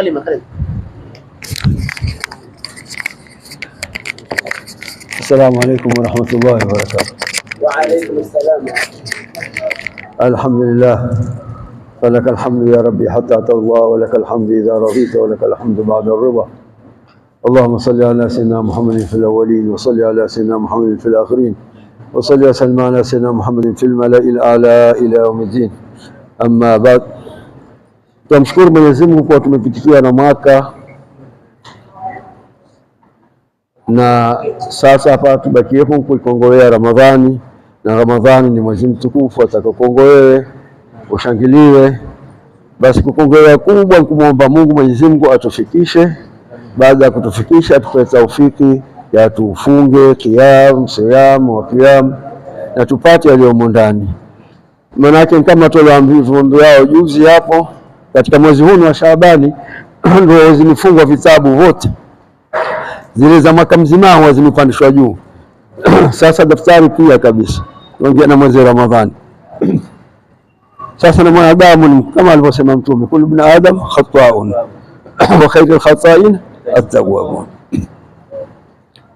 ما كلمه السلام عليكم ورحمة الله وبركاته وعليكم السلام الحمد لله فلك الحمد يا ربي حتى أتى الله ولك الحمد إذا رضيت ولك الحمد بعد الربا اللهم صل على سيدنا محمد في الأولين وصل على سيدنا محمد في الآخرين وصل وسلم على سيدنا محمد في الملأ الأعلى إلى يوم الدين أما بعد Tunamshukuru Mwenyezi Mungu kwa tumepitikiwa na mwaka na sasa hapa tubakieko kuikongolea Ramadhani, na Ramadhani ni mwezi mtukufu, atakakongolewe ushangiliwe. Basi kukongolea kubwa kumwomba Mungu Mwenyezi Mungu atufikishe. Baada ya kutufikisha, atupe taufiki ya tufunge kiam siamu wa kiamu na tupate yaliyomo ndani, maanake kama tulivyoambiwa juzi hapo katika mwezi huu wa Shaabani ndio zimefungwa vitabu vyote, zile za mwaka mzima huwa zimepandishwa juu. Sasa daftari pia kabisa tuongea na mwezi wa Ramadhani. Sasa na mwanadamu kama alivyosema Mtume, kullu ibn adam khata'un wa al khata'in at-tawwabun,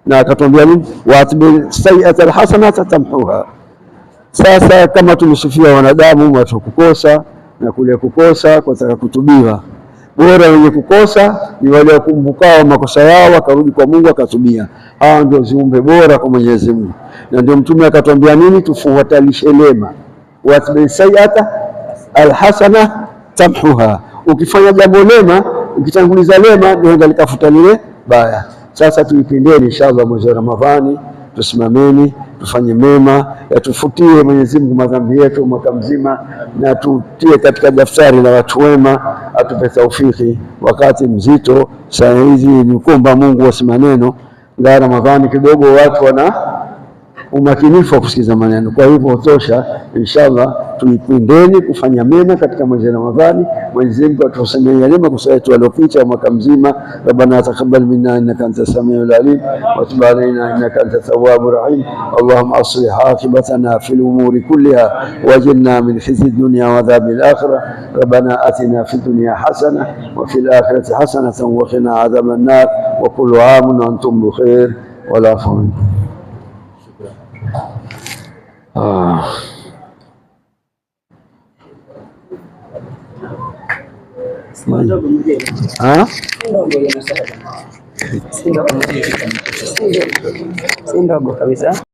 na akatuambia nini? Waatbi al alhasanata tamhuha. Sasa kama tumesifia wanadamu watu kukosa na kule kukosa kwataka kutubiwa. Bora wenye kukosa ni wale wakumbukao makosa yao akarudi kwa Mungu akatubia. Hawa ndio ziumbe bora kwa Mwenyezi Mungu, na ndio Mtume akatwambia nini? Tufuatalishe lema, watbi sayata alhasana tamhuha. Ukifanya jambo lema, ukitanguliza lema, ndio likafuta lile baya. Sasa tuipendeni inshallah mwezi wa Ramadhani tusimameni, tufanye mema, yatufutie Mwenyezi Mungu madhambi yetu mwaka mzima, na tutie katika daftari la watu wema, atupe taufiki. Wakati mzito saa hizi ni kumba Mungu asimaneno maneno Ramadhani kidogo watu wana umakinifu wa kusikiza maneno. Kwa hivyo tosha, inshallah tuipendeni kufanya mema katika mwezi Ramadhani. Mwenyezi Mungu atusamehe yale makosa yetu yaliyopita wa mwaka mzima. Rabbana taqabbal minna innaka antas samiul alim wa tub alaina innaka anta tawwabur rahim. Allahumma aslih aqibatana fil umuri kulliha wajinna min khizyi dunya wa adhabil akhirah. Rabbana atina fid dunya hasana wa fil akhirati hasana wa qina adhaban nar wa kullu amin wa antum bi khair wa la Hmm. Ah? si ndogo kabisa.